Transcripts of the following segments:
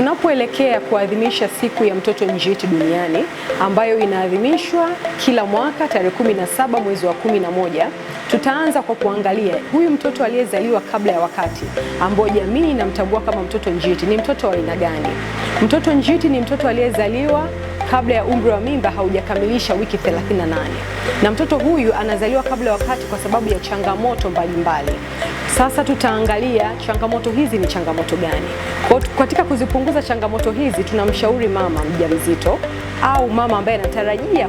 Tunapoelekea kuadhimisha siku ya mtoto njiti duniani ambayo inaadhimishwa kila mwaka tarehe 17 mwezi wa 11, tutaanza kwa kuangalia huyu mtoto aliyezaliwa kabla ya wakati ambao jamii inamtambua kama mtoto njiti ni mtoto wa aina gani. Mtoto njiti ni mtoto aliyezaliwa kabla ya umri wa mimba haujakamilisha wiki 38, na mtoto huyu anazaliwa kabla ya wakati kwa sababu ya changamoto mbalimbali mbali. Sasa tutaangalia changamoto hizi ni changamoto gani. Katika kuzipunguza changamoto hizi, tunamshauri mama mjamzito au mama ambaye anatarajia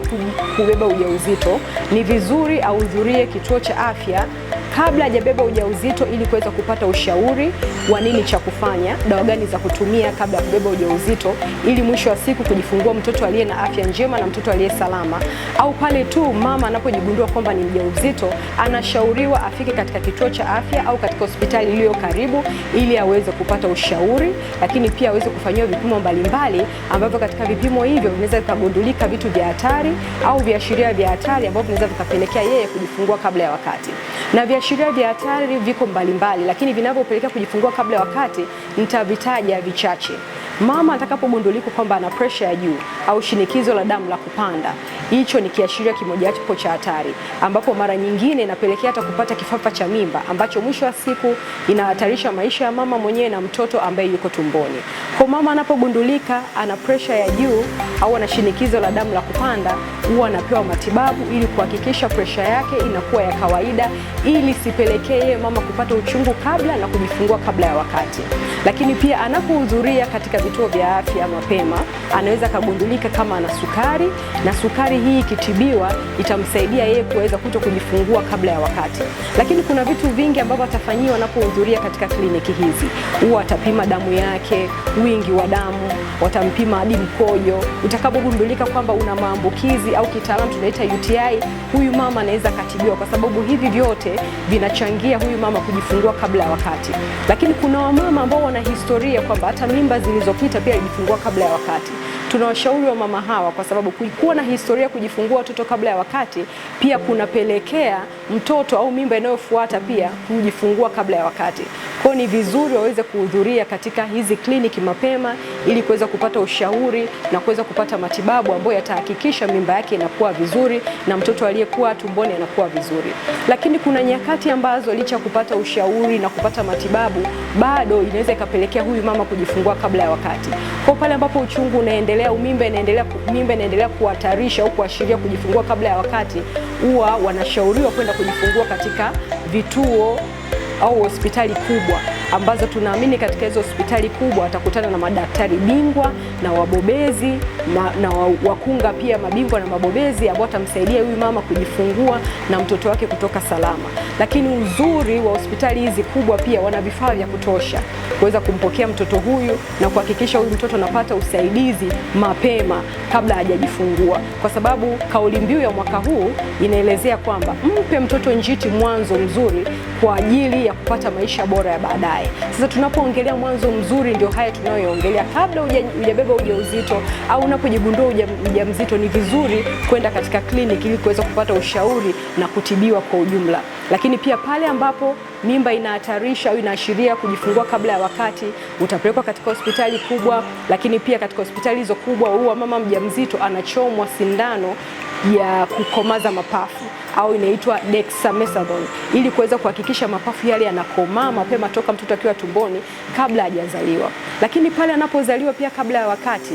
kubeba ujauzito, ni vizuri ahudhurie kituo cha afya kabla hajabeba ujauzito, ili kuweza kupata ushauri wa nini cha kufanya, dawa gani za kutumia kabla ya kubeba ujauzito, ili mwisho wa siku kujifungua mtoto aliye na afya njema na mtoto aliye salama. Au pale tu mama anapojigundua kwamba ni mjauzito, anashauriwa afike katika kituo cha afya au katika hospitali iliyo karibu, ili aweze kupata ushauri, lakini pia aweze kufanyiwa vipimo mbalimbali, ambavyo katika vipimo hivyo vinaweza vikagundulika vitu vya hatari au viashiria vya hatari ambavyo vinaweza vikapelekea yeye kujifungua kabla ya wakati na viashiria vya hatari viko mbalimbali, lakini vinavyopelekea kujifungua kabla ya wakati nitavitaja vichache. Mama atakapogundulika kwamba ana presha ya juu au shinikizo la damu la kupanda, hicho ni kiashiria kimojawapo cha hatari, ambapo mara nyingine inapelekea hata kupata kifafa cha mimba ambacho mwisho wa siku inahatarisha maisha ya mama mwenyewe na mtoto ambaye yuko tumboni. Kwa mama anapogundulika ana presha ya juu au ana shinikizo la damu la kupanda, huwa anapewa matibabu ili kuhakikisha presha yake inakuwa ya kawaida, ili sipelekee mama kupata uchungu kabla na kujifungua kabla ya wakati. Lakini pia anapohudhuria katika vituo vya afya mapema, anaweza akagundulika kama ana sukari na sukari hii ikitibiwa itamsaidia yeye kuweza kuto kujifungua kabla ya wakati. Lakini kuna vitu vingi ambavyo atafanyiwa anapohudhuria katika kliniki hizi. Huwa atapima damu yake, wingi wa damu, watampima hadi mkojo. Utakapogundulika kwamba una maambukizi au kitaalamu tunaita UTI, huyu mama anaweza akatibiwa, kwa sababu hivi vyote vinachangia huyu mama kujifungua kabla ya wakati. Lakini kuna wamama ambao wana historia kwamba hata mimba zilizopita pia alijifungua kabla ya wakati tunawashauri wa mama hawa, kwa sababu kuwa na historia kujifungua watoto kabla ya wakati pia kunapelekea mtoto au mimba inayofuata pia kujifungua kabla ya wakati. Kwa ni vizuri waweze kuhudhuria katika hizi kliniki mapema ili kuweza kupata ushauri na kuweza kupata matibabu ambayo yatahakikisha mimba yake inakuwa vizuri na mtoto aliyekuwa tumboni anakuwa vizuri. Lakini kuna nyakati ambazo licha ya kupata ushauri na kupata matibabu bado inaweza ikapelekea huyu mama kujifungua kabla ya wakati. Kwa pale ambapo uchungu unaendelea, mimba inaendelea mimba inaendelea kuhatarisha au kuashiria kujifungua kabla ya wakati, huwa wanashauriwa kwenda kujifungua katika vituo au hospitali kubwa ambazo tunaamini katika hizo hospitali kubwa atakutana na madaktari bingwa na wabobezi na, na wakunga pia mabingwa na mabobezi ambao atamsaidia huyu mama kujifungua na mtoto wake kutoka salama. Lakini uzuri wa hospitali hizi kubwa pia wana vifaa vya kutosha kuweza kumpokea mtoto huyu na kuhakikisha huyu mtoto anapata usaidizi mapema kabla hajajifungua, kwa sababu kauli mbiu ya mwaka huu inaelezea kwamba mpe mtoto njiti mwanzo mzuri kwa ajili ya kupata maisha bora ya baadaye baadaye. Sasa tunapoongelea mwanzo mzuri, ndio haya tunayoongelea. Kabla hujabeba ujauzito au unapojigundua uja mzito ni vizuri kwenda katika kliniki ili kuweza kupata ushauri na kutibiwa kwa ujumla. Lakini pia pale ambapo mimba inahatarisha au inaashiria kujifungua kabla ya wakati, utapelekwa katika hospitali kubwa. Lakini pia katika hospitali hizo kubwa, huwa mama mjamzito anachomwa sindano ya kukomaza mapafu au inaitwa dexamethasone ili kuweza kuhakikisha mapafu yale yanakomaa mapema toka mtoto akiwa tumboni kabla hajazaliwa. Lakini pale anapozaliwa pia kabla ya wakati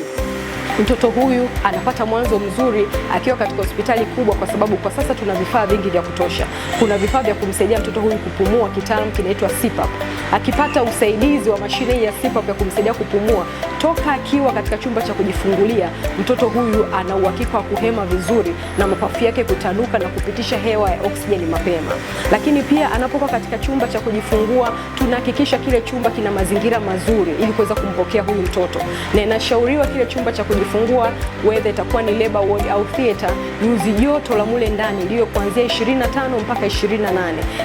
mtoto huyu anapata mwanzo mzuri akiwa katika hospitali kubwa, kwa sababu kwa sasa tuna vifaa vingi vya kutosha. Kuna vifaa vya kumsaidia mtoto huyu kupumua, kitaalamu kinaitwa CPAP akipata usaidizi wa mashine ya CPAP ya kumsaidia kupumua toka akiwa katika chumba cha kujifungulia, mtoto huyu ana uhakika wa kuhema vizuri na mapafu yake kutanuka na kupitisha hewa ya oksijeni mapema. Lakini pia anapokuwa katika chumba cha kujifungua, tunahakikisha kile chumba kina mazingira mazuri ili kuweza kumpokea huyu mtoto, na inashauriwa kile chumba cha kujifungua, whether itakuwa ni labor ward au theater, nyuzi joto la mule ndani liwe kuanzia 25 mpaka 28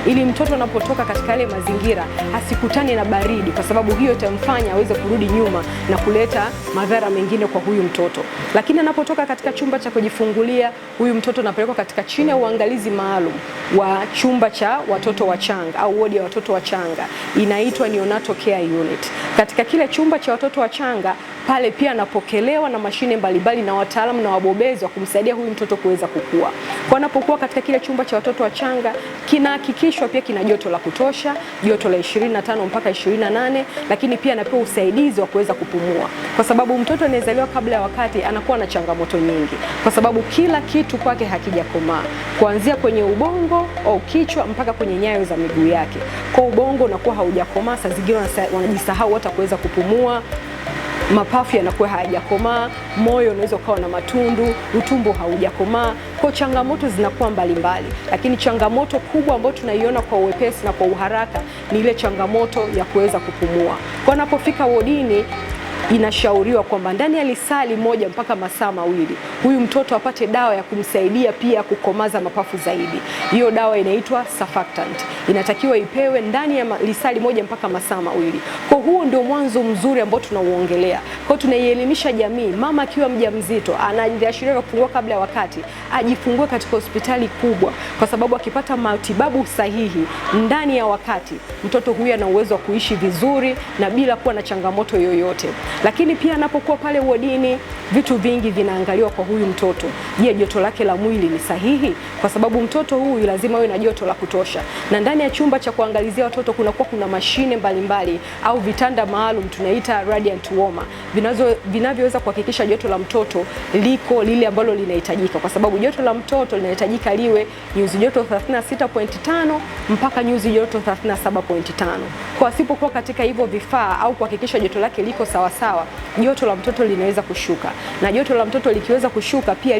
ili mtoto anapotoka katika yale mazingira asikutane na baridi, kwa sababu hiyo itamfanya aweze kurudi nyuma na kuleta madhara mengine kwa huyu mtoto. Lakini anapotoka katika chumba cha kujifungulia, huyu mtoto anapelekwa katika chini ya uangalizi maalum wa chumba cha watoto wachanga au wodi ya watoto wachanga, inaitwa neonatal care unit. Katika kile chumba cha watoto wachanga pale pia anapokelewa na mashine mbalimbali na wataalamu na wabobezi wa kumsaidia huyu mtoto kuweza kukua. Kwa anapokuwa katika kile chumba cha watoto wachanga, kinahakikishwa pia kina joto la kutosha, joto la 25 mpaka 28, lakini pia anapewa usaidizi wa kuweza kupumua, kwa sababu mtoto anayezaliwa kabla ya wakati anakuwa na changamoto nyingi, kwa sababu kila kitu kwake hakijakomaa, kuanzia kwenye ubongo au kichwa mpaka kwenye nyayo za miguu yake. Kwa ubongo unakuwa haujakomaa, saa zingine wanajisahau hata kuweza kupumua mapafu yanakuwa hayajakomaa, moyo unaweza ukawa na matundu, utumbo haujakomaa. Kwa changamoto zinakuwa mbalimbali, lakini changamoto kubwa ambayo tunaiona kwa uwepesi na kwa uharaka ni ile changamoto ya kuweza kupumua. Kwa anapofika wodini inashauriwa kwamba ndani ya lisali moja mpaka masaa mawili huyu mtoto apate dawa ya kumsaidia pia kukomaza mapafu zaidi. Hiyo dawa inaitwa surfactant, inatakiwa ipewe ndani ya lisali moja mpaka masaa mawili. Kwa huo ndio mwanzo mzuri ambao tunauongelea. Kwa tunaielimisha jamii, mama akiwa mjamzito anajiashiria kufungua kabla ya wakati, ajifungue katika hospitali kubwa, kwa sababu akipata matibabu sahihi ndani ya wakati, mtoto huyu ana uwezo wa kuishi vizuri na bila kuwa na changamoto yoyote. Lakini pia anapokuwa pale wodini, vitu vingi vinaangaliwa kwa huyu mtoto. Je, joto lake la mwili ni sahihi? Kwa sababu mtoto huyu lazima awe na joto la kutosha, na ndani ya chumba cha kuangalizia watoto kunakuwa kuna mashine mbalimbali mbali, au vitanda maalum tunaita radiant warmer vinazo vinavyoweza kuhakikisha joto la mtoto liko lile ambalo linahitajika, kwa sababu joto la mtoto linahitajika liwe nyuzi joto 36.5 mpaka nyuzi joto 37.5. Kwa asipokuwa katika hivyo vifaa au kuhakikisha joto lake liko sawasawa sawa, joto la mtoto linaweza kushuka, na joto la mtoto likiweza kushuka pia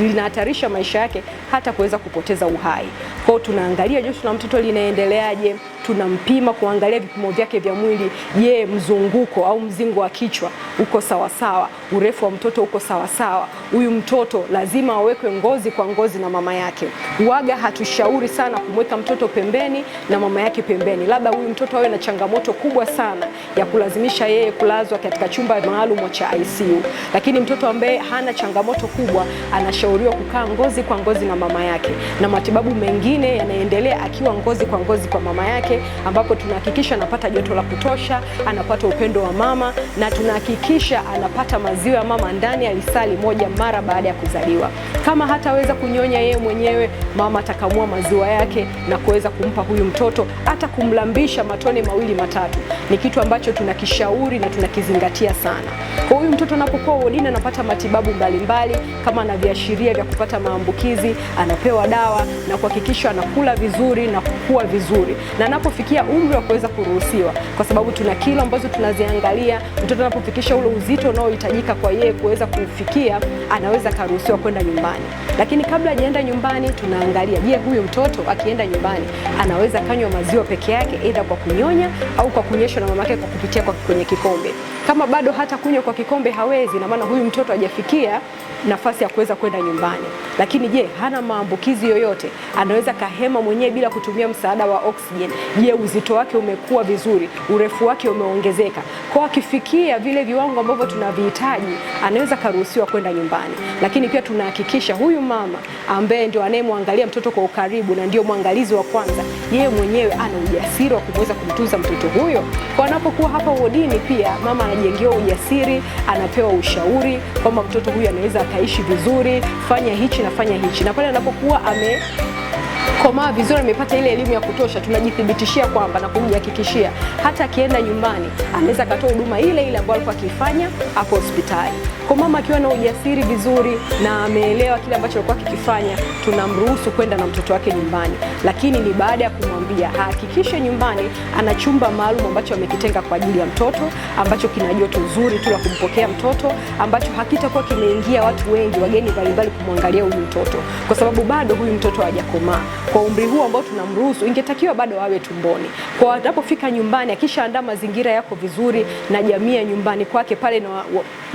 linahatarisha lina maisha yake hata kuweza kupoteza uhai. Kwao tunaangalia joto la mtoto linaendeleaje, tunampima kuangalia vipimo vyake vya mwili. Je, mzunguko au mzingo wa kichwa uko sawasawa? Urefu wa mtoto uko sawasawa? Huyu mtoto lazima awekwe ngozi kwa ngozi na mama yake. Waga hatushauri sana kumweka mtoto pembeni na mama yake pembeni, labda huyu mtoto awe na changamoto kubwa sana ya kulazimisha yeye kulazwa katika chumba maalum cha ICU. Lakini mtoto ambaye hana changamoto kubwa anashauriwa kukaa ngozi kwa ngozi na mama yake, na matibabu mengine yanaendelea akiwa ngozi kwa ngozi kwa mama yake wake, ambapo tunahakikisha anapata joto la kutosha, anapata upendo wa mama na tunahakikisha anapata maziwa ya mama ndani ya lisali moja mara baada ya kuzaliwa. Kama hataweza kunyonya yeye mwenyewe, mama atakamua maziwa yake na kuweza kumpa huyu mtoto, hata kumlambisha matone mawili matatu, ni kitu ambacho tunakishauri na tunakizingatia sana. Kwa huyu mtoto anapokuwa wodini, anapata matibabu mbalimbali mbali, kama ana viashiria vya kupata maambukizi anapewa dawa na kuhakikisha anakula vizuri na kukua vizuri na anapofikia umri wa kuweza kuruhusiwa, kwa sababu tuna kilo ambazo tunaziangalia. Mtoto anapofikisha ule uzito unaohitajika kwa yeye kuweza kufikia, anaweza karuhusiwa kwenda nyumbani. Lakini kabla hajaenda nyumbani, tunaangalia, je, huyu mtoto akienda nyumbani anaweza kanywa maziwa peke yake, aidha kwa kunyonya au kwa kunyeshwa na mamake kwa kupitia kwa kwenye kikombe. Kama bado hata kunywa kwa kikombe hawezi, na maana huyu mtoto hajafikia nafasi ya kuweza kwenda nyumbani. Lakini je, hana maambukizi yoyote? Anaweza kahema mwenyewe bila kutumia msaada wa oksijeni? Je, uzito wake umekuwa vizuri? Urefu wake umeongezeka? Kwa akifikia vile viwango ambavyo tunavihitaji, anaweza karuhusiwa kwenda nyumbani. Lakini pia tunahakikisha huyu mama ambaye ndio anayemwangalia mtoto kwa ukaribu na ndio mwangalizi wa kwanza, yeye mwenyewe ana ujasiri wa kuweza kumtunza mtoto huyo. Kwa anapokuwa hapa wodini, pia mama anajengewa ujasiri, anapewa ushauri kwamba mtoto huyu anaweza akaishi vizuri, fanya hichi na anafanya hichi, na pale anapokuwa amekomaa vizuri, amepata ile elimu ya kutosha, tunajithibitishia kwamba na kumhakikishia hata akienda nyumbani anaweza akatoa huduma ile ile ambayo alikuwa akifanya hapo hospitali. Kwa mama akiwa na ujasiri vizuri na ameelewa kile ambacho alikuwa kikifanya, tunamruhusu kwenda na mtoto wake nyumbani, lakini ni baada ya kumwambia ahakikishe nyumbani ana chumba maalum ambacho amekitenga kwa ajili ya mtoto, ambacho kina joto zuri tu la kumpokea mtoto, ambacho hakitakuwa kimeingia watu wengi, wageni mbalimbali kumwangalia huyu mtoto, kwa sababu bado huyu mtoto hajakomaa kwa umri huu ambao tunamruhusu. Ingetakiwa bado awe tumboni, kwa anapofika nyumbani akishaandaa mazingira yako vizuri na jamii ya nyumbani kwake pale na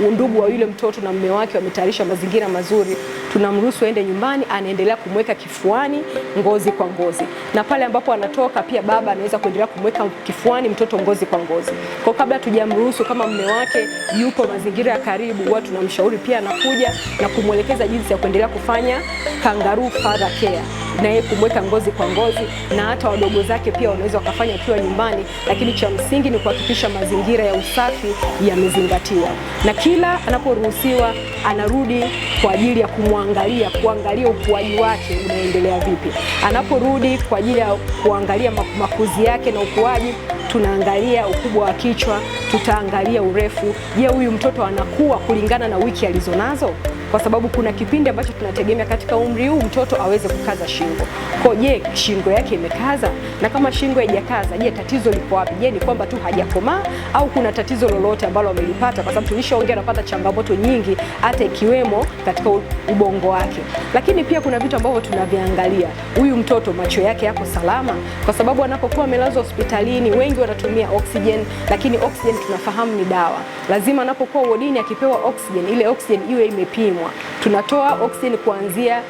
undugu wa yule mtoto na mume wake wametayarisha mazingira mazuri, tunamruhusu aende nyumbani, anaendelea kumweka kifuani ngozi kwa ngozi, na pale ambapo anatoka pia baba anaweza kuendelea kumweka kifuani mtoto ngozi kwa ngozi. Kwa kabla tujamruhusu, kama mume wake yupo mazingira ya karibu, huwa tunamshauri pia anakuja na kumwelekeza jinsi ya kuendelea kufanya kangaroo father care na yeye kumweka ngozi kwa ngozi, na hata wadogo zake pia wanaweza wakafanya wakiwa nyumbani, lakini cha msingi ni kuhakikisha mazingira ya usafi yamezingatiwa, na kila anaporuhusiwa anarudi kwa ajili ya kumwangalia, kuangalia ukuaji wake unaendelea vipi. Anaporudi kwa ajili ya kuangalia makuzi yake na ukuaji tunaangalia ukubwa wa kichwa, tutaangalia urefu. Je, huyu mtoto anakuwa kulingana na wiki alizonazo? kwa sababu kuna kipindi ambacho tunategemea katika umri huu mtoto aweze kukaza shingo. Kwa je, shingo yake imekaza? Na kama shingo haijakaza, je, tatizo liko wapi? Je, ni kwamba tu hajakomaa au kuna tatizo lolote ambalo amelipata? Kwa sababu tulishaongea anapata changamoto nyingi, hata ikiwemo katika ubongo wake. Lakini pia kuna vitu ambavyo tunaviangalia, huyu mtoto macho yake yako salama, kwa sababu anapokuwa amelazwa hospitalini wengi wanatumia oxygen, lakini oxygen tunafahamu ni dawa. Lazima anapokuwa wodini akipewa oxygen, ile oxygen iwe imepimwa kupimwa. Tunatoa oxygen kuanzia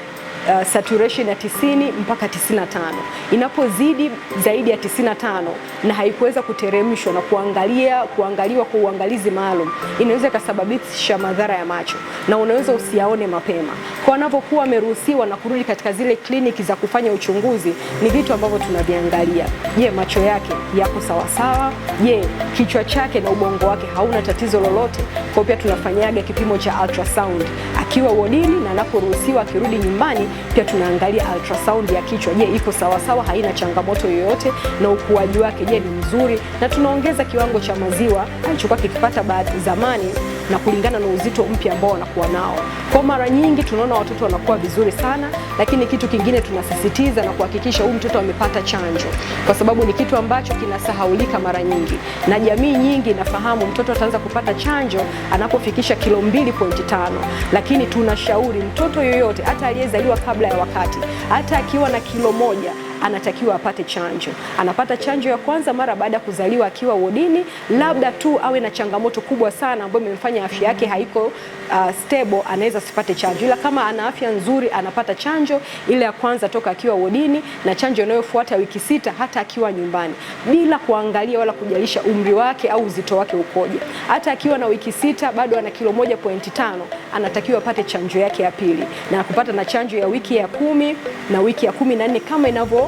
Uh, saturation ya 90 mpaka 95. Inapozidi zaidi ya 95 na haikuweza kuteremshwa na kuangalia kuangaliwa kwa uangalizi maalum, inaweza ikasababisha madhara ya macho na unaweza usiaone mapema. Kwa wanapokuwa wameruhusiwa na kurudi katika zile kliniki za kufanya uchunguzi, ni vitu ambavyo tunaviangalia. Je, macho yake yako sawasawa? Je, kichwa chake na ubongo wake hauna tatizo lolote? Kwa pia tunafanyaga kipimo cha ultrasound akiwa wodini na anaporuhusiwa akirudi nyumbani, pia tunaangalia ultrasound ya kichwa. Je, iko sawa sawa, haina changamoto yoyote, na ukuaji wake je, ni mzuri, na tunaongeza kiwango cha maziwa alichokuwa kikipata zamani na kulingana na uzito mpya ambao wanakuwa nao. Kwa mara nyingi tunaona watoto wanakuwa vizuri sana, lakini kitu kingine tunasisitiza na kuhakikisha huyu mtoto amepata chanjo, kwa sababu ni kitu ambacho kinasahaulika mara nyingi, na jamii nyingi inafahamu mtoto ataanza kupata chanjo anapofikisha kilo 2.5, lakini tunashauri mtoto yoyote hata aliyezaliwa kabla ya wakati, hata akiwa na kilo moja anatakiwa apate chanjo. Anapata chanjo ya kwanza mara baada ya kuzaliwa akiwa wodini, labda tu awe na changamoto kubwa sana ambayo imemfanya afya yake haiko uh, stable, anaweza sipate chanjo, ila kama ana afya nzuri anapata chanjo ile ya kwanza toka akiwa wodini na chanjo inayofuata wiki sita, hata akiwa nyumbani bila kuangalia wala kujalisha umri wake au uzito wake ukoje. Hata akiwa na wiki sita bado ana kilo moja pointi tano anatakiwa apate chanjo yake ya pili na kupata na chanjo ya wiki ya kumi na wiki ya kumi na nne kama inavyo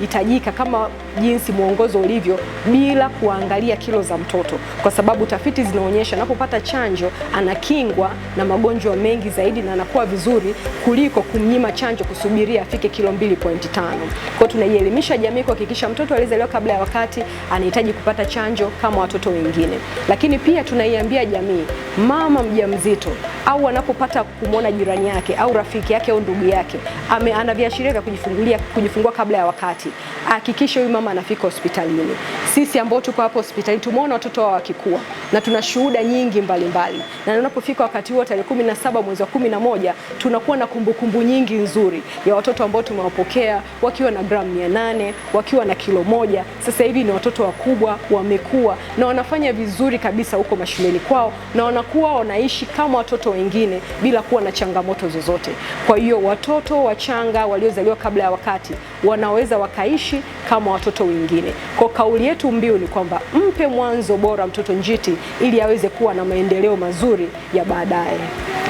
hitajika kama jinsi mwongozo ulivyo, bila kuangalia kilo za mtoto, kwa sababu tafiti zinaonyesha anapopata chanjo anakingwa na magonjwa mengi zaidi na anakuwa vizuri kuliko kumnyima chanjo kusubiria afike kilo 2.5. Kwa tunaielimisha jamii kuhakikisha mtoto alizaliwa kabla ya wakati anahitaji kupata chanjo kama watoto wengine, lakini pia tunaiambia jamii, mama mjamzito au anapopata kumwona jirani yake au rafiki yake au ndugu yake ana viashiria vya kujifungulia kujifungua kabla ya wakati hakikisha huyu mama anafika hospitalini sisi ambao tuko hapo hospitali tumeona watoto wao wakikua na tuna shuhuda nyingi mbalimbali mbali. Na unapofika wakati huo tarehe kumi na saba mwezi wa kumi na moja tunakuwa na kumbukumbu kumbu nyingi nzuri ya watoto ambao tumewapokea wakiwa na gramu mia nane wakiwa na kilo moja. Sasa hivi ni watoto wakubwa wamekua na wanafanya vizuri kabisa huko mashuleni kwao na wanakuwa wanaishi kama watoto wengine bila kuwa na changamoto zozote. Kwa hiyo watoto wachanga waliozaliwa kabla ya wakati wanaweza wakaishi kama watoto wengine. Kwa kauli yetu tu mbiu ni kwamba mpe mwanzo bora mtoto njiti ili aweze kuwa na maendeleo mazuri ya baadaye.